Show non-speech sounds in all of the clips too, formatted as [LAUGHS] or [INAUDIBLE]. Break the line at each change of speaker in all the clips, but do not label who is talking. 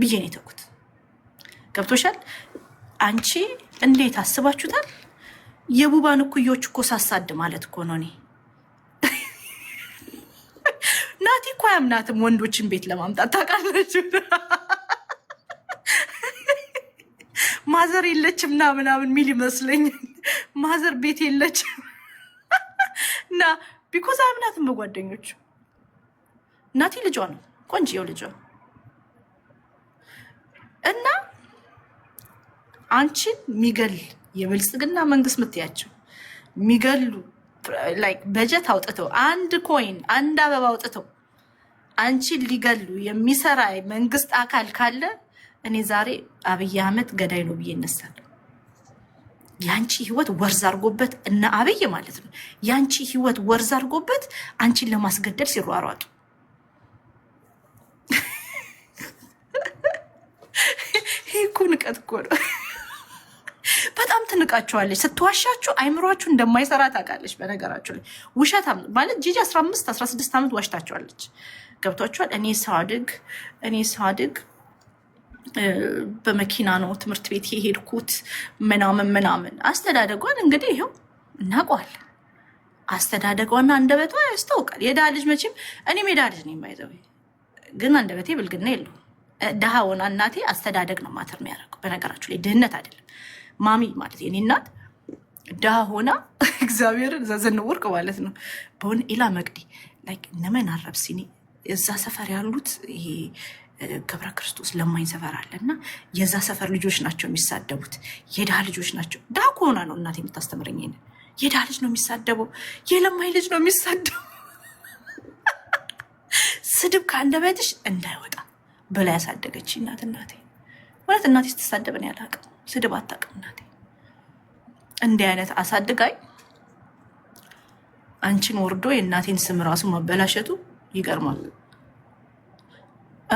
ብዬ ነው የተውኩት። ገብቶሻል? አንቺ እንዴት አስባችሁታል? የቡባን እኩዮች እኮ ሳሳድ ማለት እኮ ነው። እኔ ናቲ እኮ አያምናትም ወንዶችን ቤት ለማምጣት ታውቃለች። ማዘር የለችም እና ምናምን ሚል ይመስለኝ ማዘር ቤት የለችም እና ቢኮዝ አያምናትም በጓደኞቹ ናቲ ልጇ ነው ቆንጆ ልጇ እና አንቺን ሚገል የብልጽግና መንግስት ምትያቸው ሚገሉ በጀት አውጥተው አንድ ኮይን አንድ አበባ አውጥተው አንቺን ሊገሉ የሚሰራ መንግስት አካል ካለ እኔ ዛሬ አብይ አህመድ ገዳይ ነው ብዬ ይነሳል። የአንቺ ህይወት ወርዝ አድርጎበት እነ አብይ ማለት ነው። የአንቺ ህይወት ወርዝ አድርጎበት አንቺን ለማስገደል ሲሯሯጡ ይሄ እኮ ንቀት እኮ ነው። በጣም ትንቃችኋለች። ስትዋሻችሁ አይምሯችሁ እንደማይሰራ ታውቃለች። በነገራችሁ ላይ ውሸት ማለት ጂጂ አስራ 16 ዓመት ዋሽታችኋለች። ገብቷችኋል። እኔ ሳድግ እኔ ሳድግ በመኪና ነው ትምህርት ቤት የሄድኩት ምናምን ምናምን። አስተዳደጓን እንግዲህ ይኸው እናቋል። አስተዳደጓና አንደበቷ ያስታውቃል። የዳ ልጅ መቼም እኔም የዳ ልጅ ነው የማይዘው ግን አንደበቴ ብልግና የለውም። ድሃ ሆና እናቴ አስተዳደግ ነው ማተር የሚያደርገው። በነገራችሁ ላይ ድህነት አይደለም ማሚ ማለት የኔ እናት ድሃ ሆና [LAUGHS] እግዚአብሔርን ዘዘንወርቅ ማለት ነው በሆነ ኢላ መቅዲ ነመን አረብ ሲኒ እዛ ሰፈር ያሉት ይሄ ገብረ ክርስቶስ ለማኝ ሰፈር አለ እና የዛ ሰፈር ልጆች ናቸው የሚሳደቡት። የድሃ ልጆች ናቸው። ድሃ ከሆና ነው እናት የምታስተምረኝ። የድሃ ልጅ ነው የሚሳደበው፣ የለማኝ ልጅ ነው የሚሳደበው። [LAUGHS] ስድብ ከአንደበትሽ እንዳይወጣ ብላ ያሳደገች እናት እናቴ ማለት እናቴ ስትሳደብን ያላቅም ስድብ አታቅም እናቴ። እንዲህ አይነት አሳድጋኝ አንቺን ወርዶ የእናቴን ስም ራሱ መበላሸቱ ይገርማል።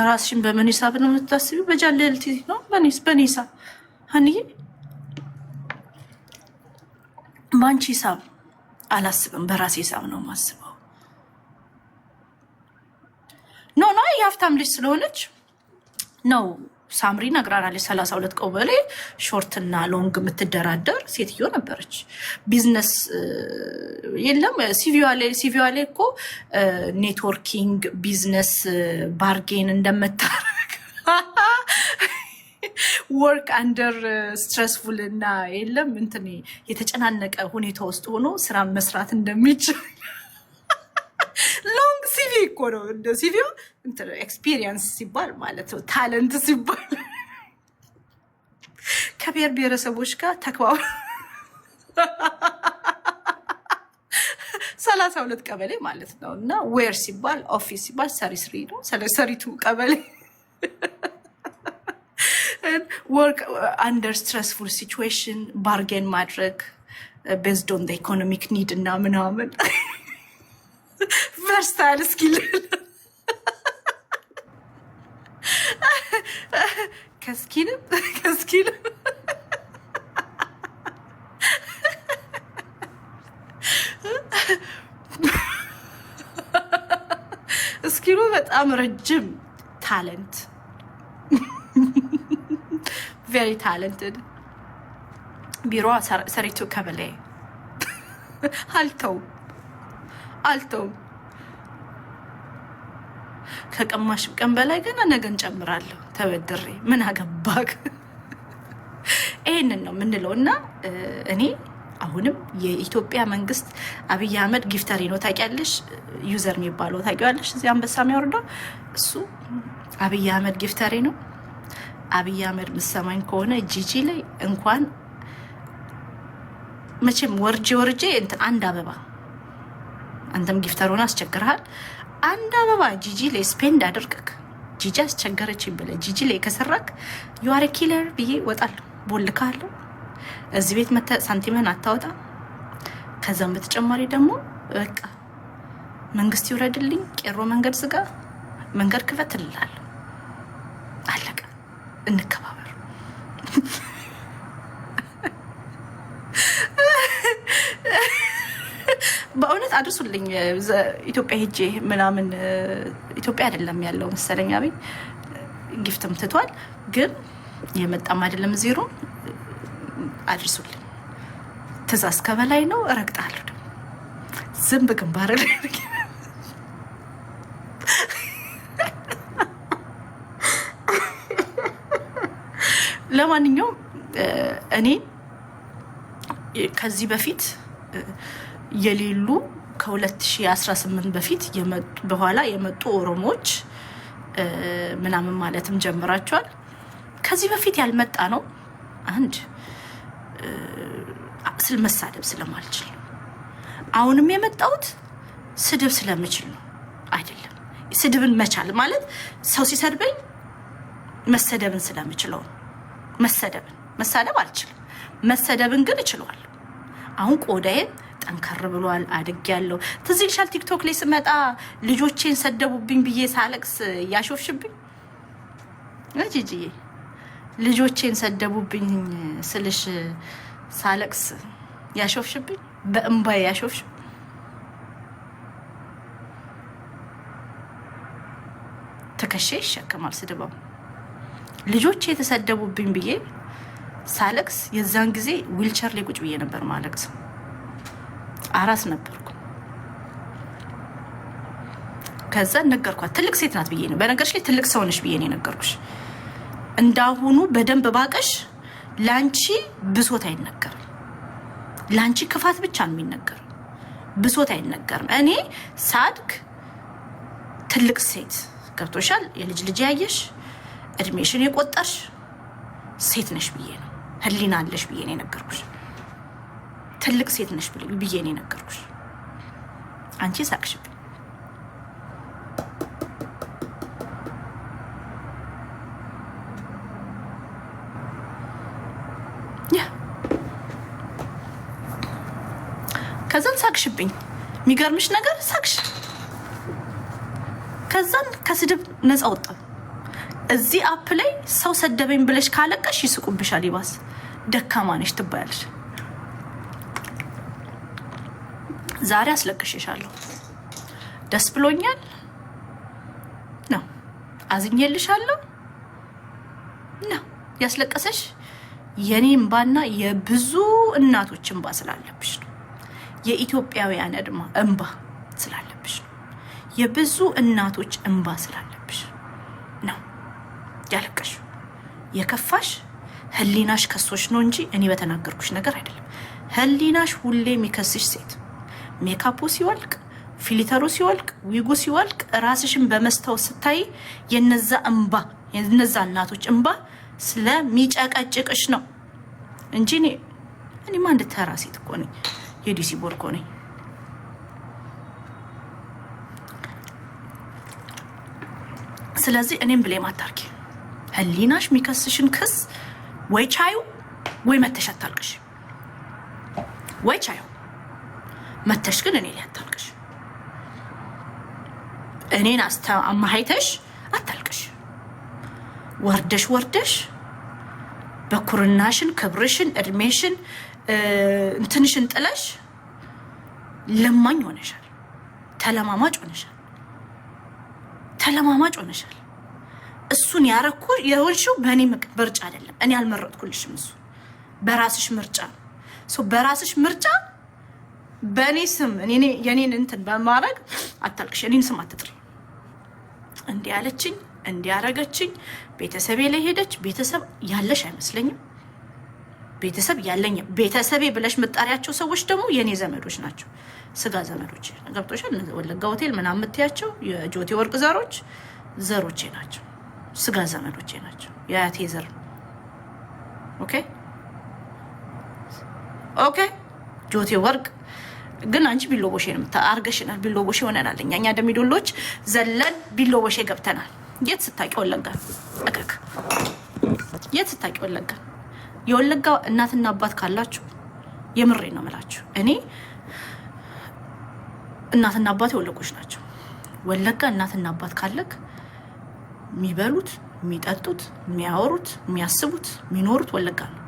ራስሽን በምን ሂሳብ ነው የምታስቢው? በጃለልቲ ነው በኔስ በኔሳ አንዬ በአንቺ ሂሳብ አላስብም፣ በራሴ ሂሳብ ነው ማስበው። ኖ ኖ የሀብታም ልጅ ስለሆነች ነው ሳምሪ ነግራናለች። ሰላሳ ሁለት ቀበሌ ሾርትና ሎንግ የምትደራደር ሴትዮ ነበረች። ቢዝነስ የለም ሲቪዋ ላይ እኮ ኔትወርኪንግ፣ ቢዝነስ፣ ባርጌን እንደምታረግ [LAUGHS] ወርክ አንደር ስትረስፉል እና የለም እንትን የተጨናነቀ ሁኔታ ውስጥ ሆኖ ስራ መስራት እንደሚችል እኮ ነው እንደ ሲቪው ኤክስፒሪየንስ ሲባል ማለት ነው። ታለንት ሲባል ከብሔር ብሔረሰቦች ጋር ተግባብ ሰላሳ ሁለት ቀበሌ ማለት ነው እና ዌር ሲባል ኦፊስ ሲባል ሰሪ ስሪ ነው ሰሪቱ ቀበሌ ወርክ አንደር ስትረስፉል ሲትዌሽን ባርጌን ማድረግ ቤዝድ ኦን ኢኮኖሚክ ኒድ እና ምናምን versatile ስኪል ከስኪልም ከስኪልም እስኪሉ በጣም ረጅም ታለንት ቬሪ ታለንትድ ቢሮ ሰሪቱ ከበላይ አልተው አልተውም። ከቀማሽ ቀን በላይ ገና ነገን ጨምራለሁ ተበድሬ ምን አገባክ? ይህንን ነው የምንለው። እና እኔ አሁንም የኢትዮጵያ መንግስት አብይ አህመድ ጊፍተሪ ነው ታውቂያለሽ፣ ዩዘር የሚባለው ታውቂዋለሽ፣ እዚህ አንበሳ የሚያወርደው እሱ አብይ አህመድ ጊፍተሪ ነው። አብይ አህመድ ምሰማኝ ከሆነ ጂጂ ላይ እንኳን መቼም ወርጄ ወርጄ አንድ አበባ አንተም ጊፍተር ሆነ አስቸግረሃል። አንድ አበባ ጂጂ ላይ ስፔንድ አድርገክ ጂጂ አስቸገረች ብለ ጂጂ ላይ ከሰራክ ዩአር ኪለር ብዬ እወጣለሁ፣ ቦልካለሁ። እዚህ ቤት መተህ ሳንቲመን አታወጣ። ከዛም በተጨማሪ ደግሞ በቃ መንግስት ይውረድልኝ፣ ቄሮ መንገድ ዝጋ፣ መንገድ ክፈት እልሃለሁ። አለቀ። እንከባበር። በእውነት አድርሱልኝ። ኢትዮጵያ ሄጄ ምናምን ኢትዮጵያ አይደለም ያለው መሰለኝ። አቤ ጊፍትም ትቷል፣ ግን የመጣም አይደለም ዜሮ። አድርሱልኝ። ትእዛዝ ከበላይ ነው። እረግጣለሁ። ዝንብ ግንባር ለማንኛውም እኔ ከዚህ በፊት የሌሉ ከ2018 በፊት በኋላ የመጡ ኦሮሞዎች ምናምን ማለትም ጀምራቸዋል። ከዚህ በፊት ያልመጣ ነው። አንድ ስል መሳደብ ስለማልችል ነው። አሁንም የመጣሁት ስድብ ስለምችል ነው። አይደለም ስድብን መቻል ማለት ሰው ሲሰድበኝ መሰደብን ስለምችለው ነው። መሰደብን መሳደብ አልችልም፣ መሰደብን ግን እችለዋለሁ። አሁን ቆዳዬን ጠንከር ብሏል፣ ያለው ትዝ ይልሻል ቲክቶክ ላይ ስመጣ ልጆቼን ሰደቡብኝ ብዬ ሳለቅስ እያሾፍሽብኝ እጅጅዬ ልጆቼን ሰደቡብኝ ስልሽ ሳለቅስ ያሾፍሽብኝ፣ በእምባዬ ያሾፍሽ ትከሻ ይሸከማል ስድባው። ልጆቼ የተሰደቡብኝ ብዬ ሳለቅስ የዛን ጊዜ ዊልቸር ላይ ቁጭ ብዬ ነበር ማለቅስ አራስ ነበርኩ። ከዛ ነገርኳት። ትልቅ ሴት ናት ብዬ ነው በነገርሽ ላይ ትልቅ ሰው ነሽ ብዬ ነው የነገርኩሽ። እንዳሁኑ በደንብ ባቀሽ ላንቺ ብሶት አይነገርም። ላንቺ ክፋት ብቻ ነው የሚነገር፣ ብሶት አይነገርም። እኔ ሳድግ ትልቅ ሴት ገብቶሻል፣ የልጅ ልጅ ያየሽ እድሜሽን የቆጠርሽ ሴት ነሽ ብዬ ነው ህሊና አለሽ ብዬ ነው የነገርኩሽ። ትልቅ ሴት ነሽ ብዬ ነው የነገርኩሽ። አንቺ ሳቅሽብኝ። ከዛን ሳቅሽብኝ። የሚገርምሽ ነገር ሳቅሽ። ከዛን ከስድብ ነፃ ወጣ። እዚህ አፕ ላይ ሰው ሰደበኝ ብለሽ ካለቀሽ ይስቁብሻል። ይባስ ደካማ ነሽ ትባያለሽ። ዛሬ አስለቅሽሻለሁ። ደስ ብሎኛል ነው? አዝኜልሻለሁ ነው? ያስለቀሰሽ የኔ እንባና የብዙ እናቶች እምባ ስላለብሽ ነው። የኢትዮጵያውያን እድማ እንባ ስላለብሽ ነው። የብዙ እናቶች እምባ ስላለብሽ ነው ያለቀሽ። የከፋሽ ህሊናሽ ከሶች ነው እንጂ እኔ በተናገርኩሽ ነገር አይደለም። ህሊናሽ ሁሌ የሚከስሽ ሴት ሜካፑ ሲወልቅ ፊሊተሩ ሲወልቅ ዊጉ ሲወልቅ ራስሽን በመስታወት ስታይ የነዛ እንባ የነዛ እናቶች እንባ ስለሚጨቀጭቅሽ ነው እንጂ እኔ እኔማ አንድ ተራ ሴት እኮ ነኝ፣ የዲሲ ቦር እኮ ነኝ። ስለዚህ እኔም ብሌም አታርጊ። ህሊናሽ የሚከስሽን ክስ ወይ ቻዩ ወይ ታልቅሽ ወይ ቻዩ መተሽ ግን እኔ ላይ አታልቅሽ። እኔን አማሀይተሽ አታልቅሽ። ወርደሽ ወርደሽ በኩርናሽን ክብርሽን እድሜሽን እንትንሽን ጥለሽ ለማኝ ሆነሻል። ተለማማጭ ሆነሻል። ተለማማጭ ሆነሻል። እሱን ያረኩ የሆንሽው በእኔ ምርጫ አይደለም። እኔ አልመረጥኩልሽም። እሱ በራስሽ ምርጫ በራስሽ ምርጫ በእኔ ስም የኔን እንትን በማድረግ አታልቅሽ፣ እኔን ስም አትጥሪ። እንዲህ አለችኝ፣ እንዲህ አረገችኝ፣ ቤተሰቤ ላይ ሄደች። ቤተሰብ ያለሽ አይመስለኝም። ቤተሰብ ያለኝ ቤተሰቤ ብለሽ ምጣሪያቸው ሰዎች ደግሞ የእኔ ዘመዶች ናቸው፣ ስጋ ዘመዶች። ገብቶሻል? ወለጋ ሆቴል ምናምን የምትያቸው የጆቴ ወርቅ ዘሮች ዘሮቼ ናቸው፣ ስጋ ዘመዶቼ ናቸው፣ የአያቴ ዘር ኦኬ ኦኬ ጆቴ ወርቅ ግን አንቺ ቢሎቦሼ አርገሽናል። ቢሎቦሼ ሆነናል እኛ እኛ ደሚዶሎች ዘለን ቢሎቦሼ ገብተናል። የት ስታቂ ወለጋ እከክ የት ስታቂ ወለጋን የወለጋ እናትና አባት ካላችሁ የምሬ ነው ምላችሁ። እኔ እናትና አባት የወለጎች ናቸው። ወለጋ እናትና አባት ካለክ የሚበሉት፣ የሚጠጡት፣ የሚያወሩት፣ የሚያስቡት፣ የሚኖሩት ወለጋ ነው።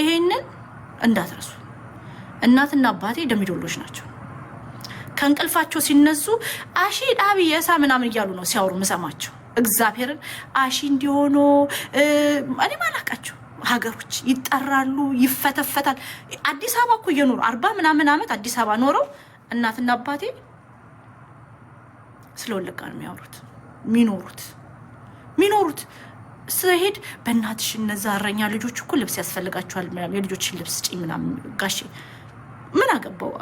ይሄንን እንዳትረሱ። እናትና አባቴ ደሚዶሎች ናቸው። ከእንቅልፋቸው ሲነሱ አሺ ዳቢ የሳ ምናምን እያሉ ነው ሲያወሩ ምሰማቸው። እግዚአብሔርን አሺ እንዲሆኑ እኔ ማላቃቸው ሀገሮች ይጠራሉ፣ ይፈተፈታል። አዲስ አበባ እኮ እየኖሩ አርባ ምናምን ዓመት አዲስ አበባ ኖረው እናትና አባቴ ስለ ወለጋ ነው የሚያወሩት ሚኖሩት ሚኖሩት ስሄድ በእናትሽ እነዛ እረኛ ልጆች እኮ ልብስ ያስፈልጋቸዋል የልጆችን ልብስ ጭኝ ምናምን ጋሼ ምን አገባው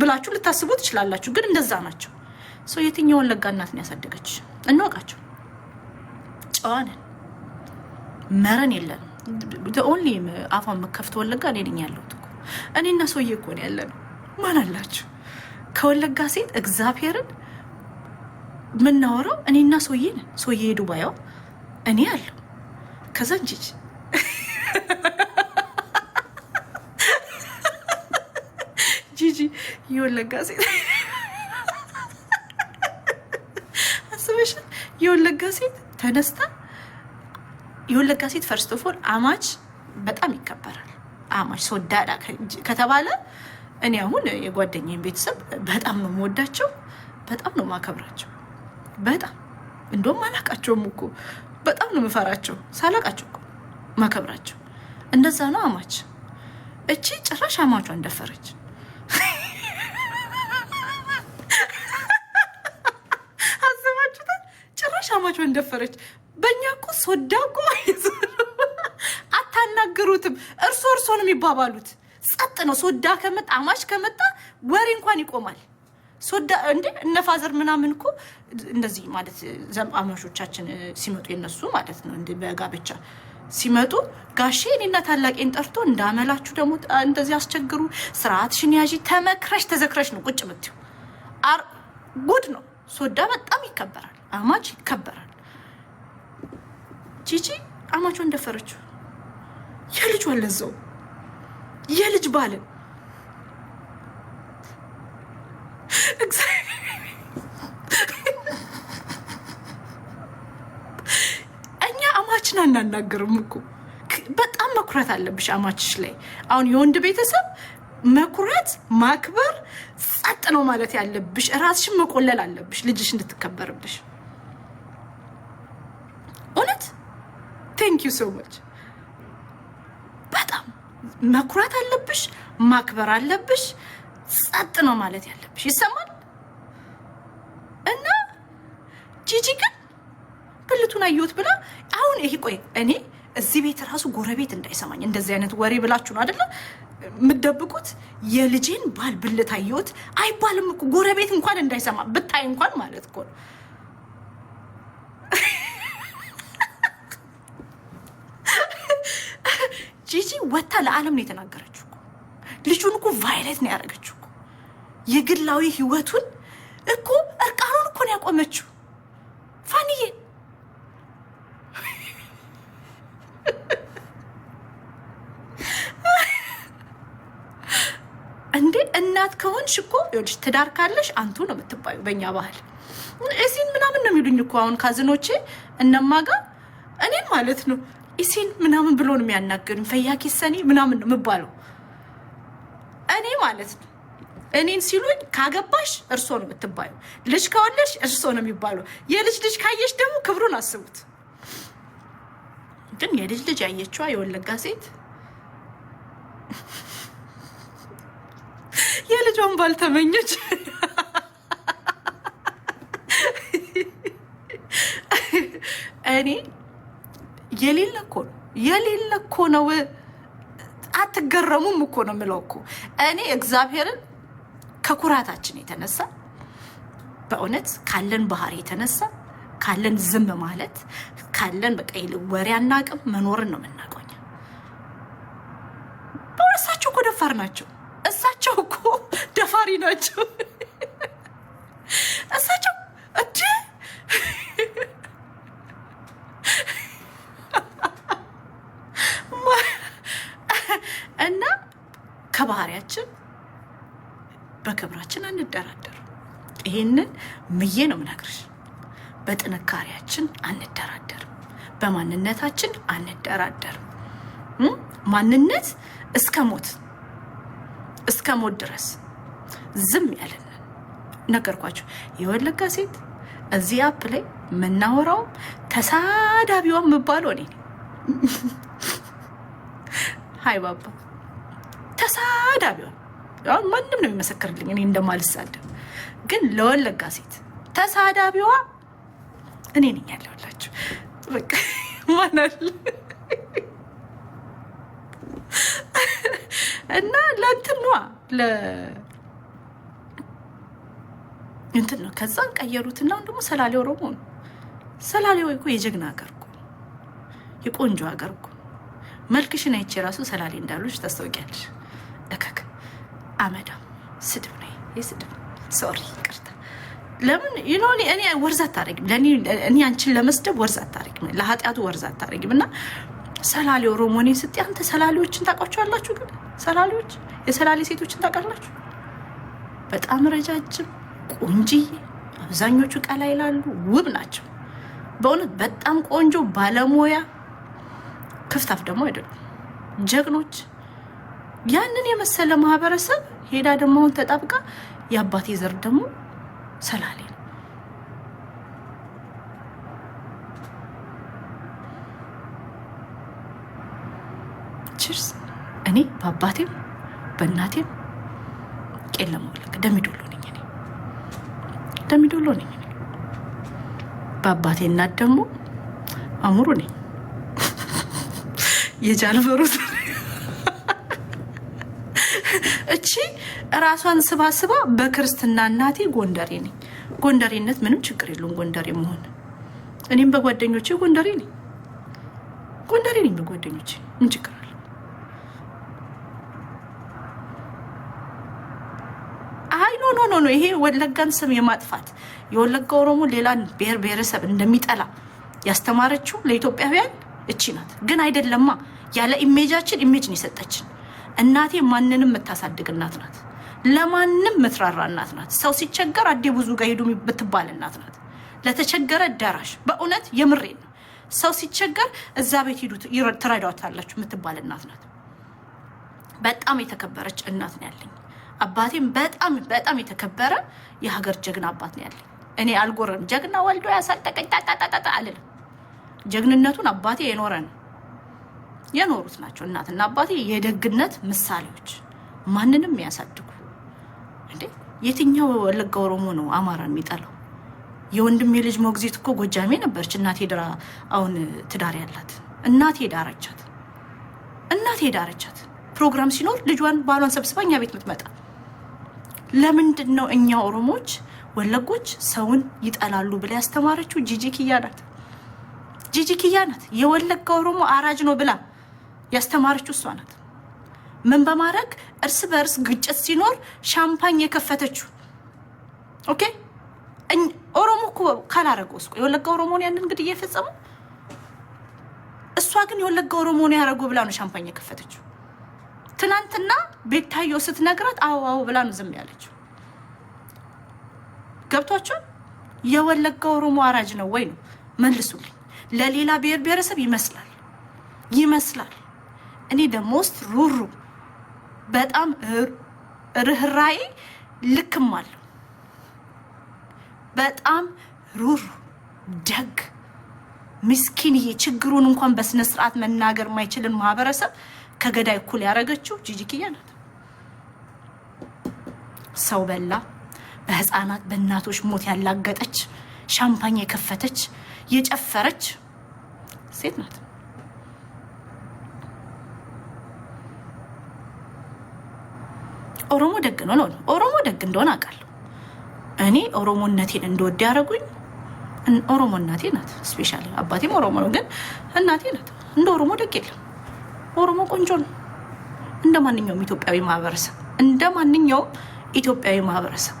ብላችሁ ልታስቡ ትችላላችሁ፣ ግን እንደዛ ናቸው። ሰው የትኛውን ለጋ እናትን ያሳደገች እንወቃቸው። ጨዋነን መረን የለን። ኦንሊ አፏን መከፍት ወለጋ እኔ ነኝ ያለሁት እኮ እኔና ሰውዬ እኮ ነው ያለ ነው። ማን አላችሁ ከወለጋ ሴት እግዚአብሔርን የምናወራው እኔና ሰውዬ ነን። ሰውዬ ዱባያው እኔ አለሁ ከዛ እንጂች የወለጋ ሴት አስበሻል? የወለጋ ሴት ተነስታ የወለጋ ሴት ፈርስት ኦፍ ኦል አማች በጣም ይከበራል። አማች ስወዳዳ ከተባለ እኔ አሁን የጓደኛዬን ቤተሰብ በጣም ነው የምወዳቸው፣ በጣም ነው ማከብራቸው። በጣም እንደውም አላቃቸውም እኮ በጣም ነው የምፈራቸው። ሳላቃቸው እኮ ማከብራቸው። እንደዛ ነው አማች። እቺ ጭራሽ አማቿን ደፈረች። አስባቸው እንደፈረች። በእኛ እኮ ሶዳ እኮ አታናግሩትም። እርሶ እርሶ ነው የሚባባሉት። ጸጥ ነው። ሶዳ ከመጣ አማሽ ከመጣ ወሬ እንኳን ይቆማል። ሶዳ እንደ እነፋዘር ምናምን እኮ እንደዚህ ማለት አማሾቻችን ሲመጡ የነሱ ማለት ነው እንደ በጋብቻ ሲመጡ ጋሼ እኔና ታላቄን ጠርቶ እንዳመላችሁ ደግሞ እንደዚህ አስቸግሩ፣ ስርዓትሽን ያዢ፣ ተመክረሽ ተዘክረሽ ነው ቁጭ ምትው። ጉድ ነው ሶዳ፣ በጣም ይከበራል። አማች ይከበራል። ቺቺ አማቿን ደፈረችው። የልጇ ወለዘው የልጅ ባለ እኛ አማችን አናናገርም እኮ በጣም መኩራት አለብሽ አማችሽ ላይ። አሁን የወንድ ቤተሰብ መኩራት፣ ማክበር፣ ጸጥ ነው ማለት ያለብሽ። ራስሽን መቆለል አለብሽ ልጅሽ እንድትከበርብሽ ቴንክ ዩ ሶ ማች። በጣም መኩራት አለብሽ፣ ማክበር አለብሽ። ጸጥ ነው ማለት ያለብሽ ይሰማል። እና ጂጂ ግን ብልቱን አየሁት ብላ አሁን ይሄ ቆይ እኔ እዚህ ቤት ራሱ ጎረቤት እንዳይሰማኝ እንደዚህ አይነት ወሬ ብላችሁ ነው አደለም የምትደብቁት የልጄን ባል ብልት አየሁት አይባልም እኮ ጎረቤት እንኳን እንዳይሰማ ብታይ እንኳን ማለት እኮ ነው ወታ ለዓለም ነው የተናገረችው። ልጁን እኮ ቫይለት ነው ያደረገችው። የግላዊ ህይወቱን እኮ እርቃኑን እኮ ነው ያቆመችው ፋንዬ። እንዴ እናት ከሆንሽ እኮ ይኸውልሽ፣ ትዳር ካለሽ አንቱ ነው የምትባዩ። በእኛ ባህል እሲን ምናምን ነው የሚሉኝ እኮ አሁን ካዝኖቼ እነማጋ እኔም ማለት ነው ኢሲን ምናምን ብሎ ነው የሚያናገሩኝ። ፈያኪ ሰኒ ምናምን ነው የምባለው እኔ ማለት ነው። እኔን ሲሉኝ ካገባሽ እርሶ ነው የምትባዩ፣ ልጅ ከወለሽ እርሶ ነው የሚባለው። የልጅ ልጅ ካየሽ ደግሞ ክብሩን አስቡት። ግን የልጅ ልጅ ያየችዋ የወለጋ ሴት የልጇን ባልተመኘች እኔ የሌለ እኮ ነው፣ የሌለ እኮ ነው። አትገረሙም እኮ ነው የምለው እኮ እኔ እግዚአብሔርን ከኩራታችን የተነሳ በእውነት ካለን ባህሪ የተነሳ ካለን ዝም ማለት ካለን በቃ ወሬ አናቅም መኖርን ነው የምናቆኝ። እሳቸው እኮ ደፋር ናቸው። እሳቸው እኮ ደፋሪ ናቸው። ይሄንን ምዬ ነው ምነግርሽ። በጥንካሬያችን አንደራደርም፣ በማንነታችን አንደራደርም። ማንነት እስከ ሞት እስከ ሞት ድረስ ዝም ያለን ነገርኳቸው። የወለጋ ሴት እዚህ አፕ ላይ የምናወራው ተሳዳቢዋ የምባለው እኔ [LAUGHS] ሀይ ባባ ተሳዳቢዋ ማንም ነው የሚመሰክርልኝ እኔ እንደማልሳደብ ግን ለወለጋ ሴት ተሳዳቢዋ እኔ ነኝ ያለሁላችሁ። በቃ ማናል እና ለእንትኗ እንትን ነው። ከዛን ቀየሩትና አሁን ደግሞ ሰላሌ ኦሮሞ ነው። ሰላሌ ወይ እኮ የጀግና ሀገር እኮ የቆንጆ ሀገር እኮ መልክሽን አይቼ ራሱ ሰላሌ እንዳሉች ታስታውቂያለሽ። እከክ አመዳም ስድብ ነው፣ ይህ ስድብ ነው። ሶሪ ይቅርታ። ለምን ዩኖ እኔ ወርዝ አታደርጊም፣ እኔ አንቺን ለመስደብ ወርዝ አታደርጊም፣ ለኃጢአቱ ወርዝ አታደርጊም። እና ሰላሌ ኦሮሞኔ ስጤ አንተ ሰላሌዎችን ታውቋቸዋላችሁ? ግን ሰላሌዎች የሰላሌ ሴቶችን ታውቃላችሁ? በጣም ረጃጅም ቆንጂዬ፣ አብዛኞቹ ቀላ ይላሉ፣ ውብ ናቸው። በእውነት በጣም ቆንጆ ባለሙያ፣ ክፍታፍ ደግሞ አይደሉም፣ ጀግኖች። ያንን የመሰለ ማህበረሰብ ሄዳ ደግሞ አሁን ተጣብቃ የአባቴ ዘር ደግሞ ሰላሌ ነው። ችርስ እኔ በአባቴም በእናቴም ቄለም ወለቅ ደሚዶሎ ነኝ። እኔ ደሚዶሎ ነኝ። በአባቴ እናት ደግሞ አሙሩ ነኝ [LAUGHS] የጃልበሩት እራሷን ስባ ስባ በክርስትና እናቴ ጎንደሬ ነኝ። ጎንደሬነት ምንም ችግር የለውም ጎንደሬ መሆን። እኔም በጓደኞቼ ጎንደሬ ነኝ፣ ጎንደሬ ነኝ በጓደኞቼ ምን ችግር አለ? አይ ኖ ኖ ኖ ኖ ይሄ ወለጋን ስም የማጥፋት የወለጋ ኦሮሞ ሌላን ብሔር ብሔረሰብ እንደሚጠላ ያስተማረችው ለኢትዮጵያውያን እቺ ናት። ግን አይደለማ ያለ ኢሜጃችን ኢሜጅ የሰጠችን። እናቴ ማንንም የምታሳድግ እናት ናት። ለማንም ምትራራ እናት ናት። ሰው ሲቸገር አዴ ብዙ ጋር ሄዱ ብትባል እናት ናት። ለተቸገረ ደራሽ፣ በእውነት የምሬ ነው። ሰው ሲቸገር እዛ ቤት ሄዱ ትረዳዋታላችሁ የምትባል እናት ናት። በጣም የተከበረች እናት ነው ያለኝ። አባቴም በጣም በጣም የተከበረ የሀገር ጀግና አባት ነው ያለኝ። እኔ አልጎረም ጀግና ወልዶ ያሳጠቀኝ ጣጣጣጣ አልልም። ጀግንነቱን አባቴ የኖረ ነው የኖሩት ናቸው። እናትና አባቴ የደግነት ምሳሌዎች ማንንም ያሳድጉ እንዴ የትኛው ወለጋ ኦሮሞ ነው አማራ የሚጠላው? የወንድሜ ልጅ ሞግዚት እኮ ጎጃሜ ነበረች። እናቴ ድራ አሁን ትዳር ያላት እናቴ ዳረቻት። እናቴ ዳረቻት። ፕሮግራም ሲኖር ልጇን ባሏን ሰብስባ እኛ ቤት ምትመጣ። ለምንድን ነው እኛ ኦሮሞዎች ወለጎች ሰውን ይጠላሉ ብላ ያስተማረችው ጂጂ ኪያ ናት። ጂጂ ኪያ ናት የወለጋ ኦሮሞ አራጅ ነው ብላ ያስተማረችው እሷ ናት። ምን በማድረግ እርስ በእርስ ግጭት ሲኖር ሻምፓኝ የከፈተችው ኦኬ። ኦሮሞ እኮ ካላረገው እስኮ የወለጋ ኦሮሞን ያንን እንግዲህ እየፈጸሙ እሷ ግን የወለጋ ኦሮሞን ያደረገው ብላ ነው ሻምፓኝ የከፈተችው። ትናንትና ቤታዮ ስትነግራት አዎ አዎ ብላ ነው ዝም ያለችው። ገብቷችሁ የወለጋ ኦሮሞ አራጅ ነው ወይ ነው መልሱልኝ። ለሌላ ብሔር ብሔረሰብ ይመስላል ይመስላል። እኔ ደሞስት ሩሩ በጣም ርኅራዬ ልክም በጣም ሩር ደግ ምስኪንዬ ችግሩን እንኳን በስነ ስርዓት መናገር ማይችልን ማህበረሰብ ከገዳይ እኩል ያደረገችው ጂጂኪያ ናት። ሰው በላ በህፃናት በእናቶች ሞት ያላገጠች ሻምፓኝ የከፈተች የጨፈረች ሴት ናት። ኦሮሞ ደግ ነው ነው ኦሮሞ ደግ እንደሆነ አውቃለሁ። እኔ ኦሮሞነቴን እንደወድ ያደረጉኝ ኦሮሞ እናቴ ናት። ስፔሻል አባቴም ኦሮሞ ነው፣ ግን እናቴ ናት። እንደ ኦሮሞ ደግ የለም። ኦሮሞ ቆንጆ ነው፣ እንደ ማንኛውም ኢትዮጵያዊ ማህበረሰብ፣ እንደ ማንኛውም ኢትዮጵያዊ ማህበረሰብ።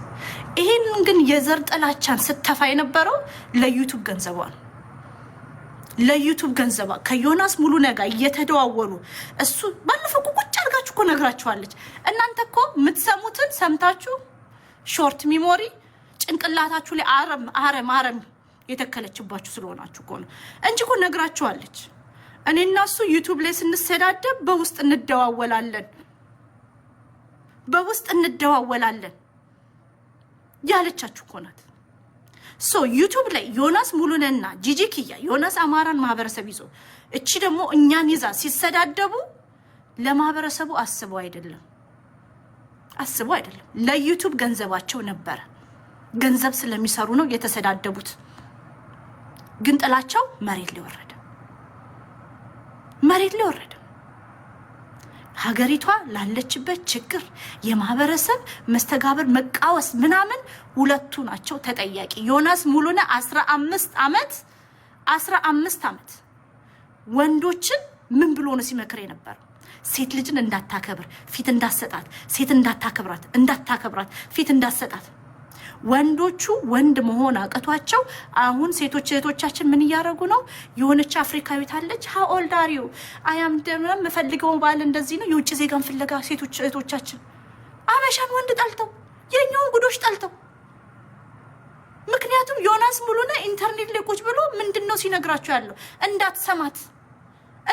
ይህን ግን የዘር ጥላቻን ስተፋ የነበረው ለዩቱብ ገንዘቧ ነው ለዩቱብ ገንዘባ ከዮናስ ሙሉ ነጋ እየተደዋወሉ እሱ ባለፈው ቁጭ ራሳችሁ እኮ ነግራችኋለች። እናንተ እኮ የምትሰሙትን ሰምታችሁ ሾርት ሚሞሪ ጭንቅላታችሁ ላይ አረም አረም አረም የተከለችባችሁ ስለሆናችሁ እኮ ነው እንጂ እኮ ነግራችኋለች። እኔ እና እሱ ዩቱብ ላይ ስንሰዳደብ በውስጥ እንደዋወላለን በውስጥ እንደዋወላለን ያለቻችሁ እኮ ናት። ሶ ዩቱብ ላይ ዮናስ ሙሉንና ጂጂ ክያ ዮናስ አማራን ማህበረሰብ ይዞ እቺ ደግሞ እኛን ይዛ ሲሰዳደቡ ለማህበረሰቡ አስበው አይደለም አስበው አይደለም። ለዩቱብ ገንዘባቸው ነበረ። ገንዘብ ስለሚሰሩ ነው የተሰዳደቡት። ግን ጥላቸው መሬት ሊወረደ መሬት ሊወረደ ሀገሪቷ ላለችበት ችግር የማህበረሰብ መስተጋብር መቃወስ ምናምን ሁለቱ ናቸው ተጠያቂ። ዮናስ ሙሉነ አስራ አምስት ዓመት አስራ አምስት ዓመት ወንዶችን ምን ብሎ ነው ሲመክር የነበረው? ሴት ልጅን እንዳታከብር ፊት እንዳሰጣት ሴት እንዳታከብራት እንዳታከብራት ፊት እንዳሰጣት ወንዶቹ ወንድ መሆን አቅቷቸው አሁን ሴቶች እህቶቻችን ምን እያደረጉ ነው? የሆነች አፍሪካዊት አለች። ሀኦልዳሪው አያም ደም የምፈልገው ባል እንደዚህ ነው። የውጭ ዜጋን ፍለጋ ሴቶች እህቶቻችን አበሻን ወንድ ጠልተው የኛው ጉዶች ጠልተው። ምክንያቱም ዮናስ ሙሉነ ኢንተርኔት ላይ ቁጭ ብሎ ምንድን ነው ሲነግራቸው ያለው እንዳትሰማት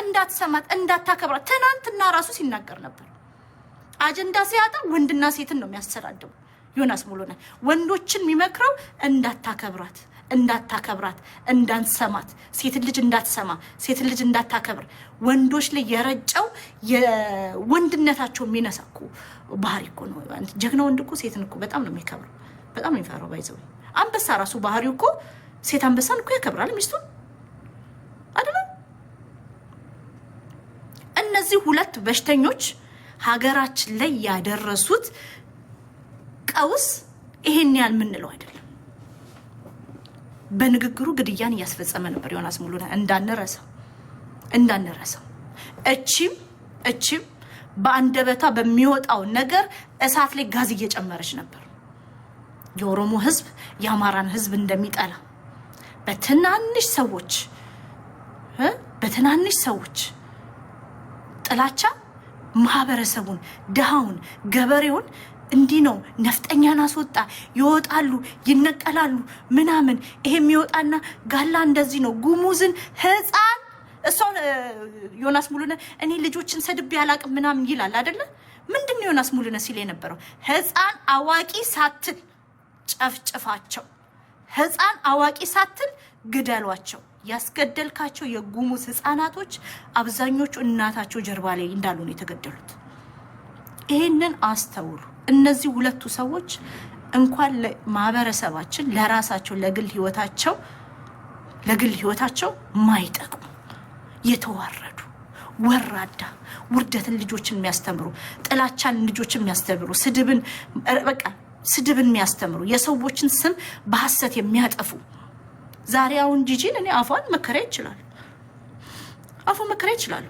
እንዳትሰማት እንዳታከብራት። ትናንትና ራሱ ሲናገር ነበር። አጀንዳ ሲያጣ ወንድና ሴትን ነው የሚያሰዳድቡ። ዮናስ ሙሉነህ ወንዶችን የሚመክረው እንዳታከብራት እንዳታከብራት እንዳንሰማት ሴትን ልጅ እንዳትሰማ ሴትን ልጅ እንዳታከብር ወንዶች ላይ የረጨው የወንድነታቸው የሚነሳ እኮ ባህሪ እኮ ነው። ጀግና ወንድ እኮ ሴትን እኮ በጣም ነው የሚከብረው፣ በጣም ነው የሚፈራው። ባይዘው አንበሳ ራሱ ባህሪው እኮ ሴት አንበሳን እኮ ያከብራል ሚስቱን እነዚህ ሁለት በሽተኞች ሀገራችን ላይ ያደረሱት ቀውስ ይሄን ያህል የምንለው አይደለም። በንግግሩ ግድያን እያስፈጸመ ነበር ዮናስ ሙሉ እንዳንረሳው እንዳንረሳው። እቺም እቺም በአንደበታ በሚወጣው ነገር እሳት ላይ ጋዝ እየጨመረች ነበር። የኦሮሞ ህዝብ የአማራን ህዝብ እንደሚጠላ በትናንሽ ሰዎች በትናንሽ ሰዎች ጥላቻ ማህበረሰቡን፣ ድሃውን፣ ገበሬውን እንዲህ ነው ነፍጠኛን አስወጣ ይወጣሉ፣ ይነቀላሉ ምናምን። ይሄም ይወጣና ጋላ እንደዚህ ነው ጉሙዝን ህፃን እሷን ዮናስ ሙሉነ እኔ ልጆችን ሰድቤ አላቅም ምናምን ይላል አደለ? ምንድን ዮናስ ሙሉነ ሲል የነበረው? ህፃን አዋቂ ሳትል ጨፍጭፋቸው፣ ህፃን አዋቂ ሳትል ግደሏቸው። ያስገደልካቸው የጉሙዝ ህጻናቶች አብዛኞቹ እናታቸው ጀርባ ላይ እንዳሉ ነው የተገደሉት። ይህንን አስተውሉ። እነዚህ ሁለቱ ሰዎች እንኳን ማህበረሰባችን ለራሳቸው ለግል ህይወታቸው ለግል ህይወታቸው ማይጠቅሙ የተዋረዱ ወራዳ ውርደትን ልጆችን የሚያስተምሩ ጥላቻን ልጆችን የሚያስተምሩ ስድብን በቃ ስድብን የሚያስተምሩ የሰዎችን ስም በሀሰት የሚያጠፉ ዛሬ አሁን ጂጂን እኔ አፏን መከራ ይችላል አፉ መከሪያ ይችላሉ።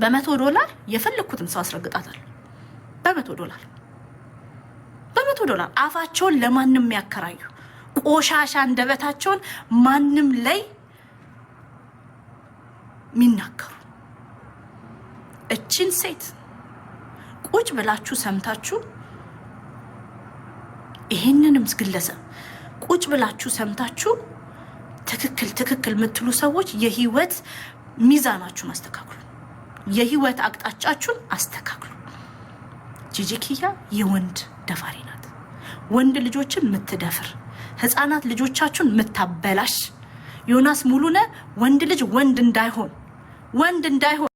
በመቶ ዶላር የፈለግኩትን ሰው አስረግጣታል። በመቶ ዶላር በመቶ ዶላር አፋቸውን ለማንም ያከራዩ ቆሻሻ አንደበታቸውን ማንም ላይ የሚናገሩ እችን ሴት ቁጭ ብላችሁ ሰምታችሁ ይህንንም ግለሰብ ቁጭ ብላችሁ ሰምታችሁ ትክክል ትክክል የምትሉ ሰዎች የህይወት ሚዛናችሁን አስተካክሉ። የህይወት አቅጣጫችሁን አስተካክሉ። ጂጂኪያ የወንድ ደፋሪ ናት። ወንድ ልጆችን የምትደፍር ህፃናት ልጆቻችሁን የምታበላሽ ዮናስ ሙሉነ ወንድ ልጅ ወንድ እንዳይሆን ወንድ እንዳይሆን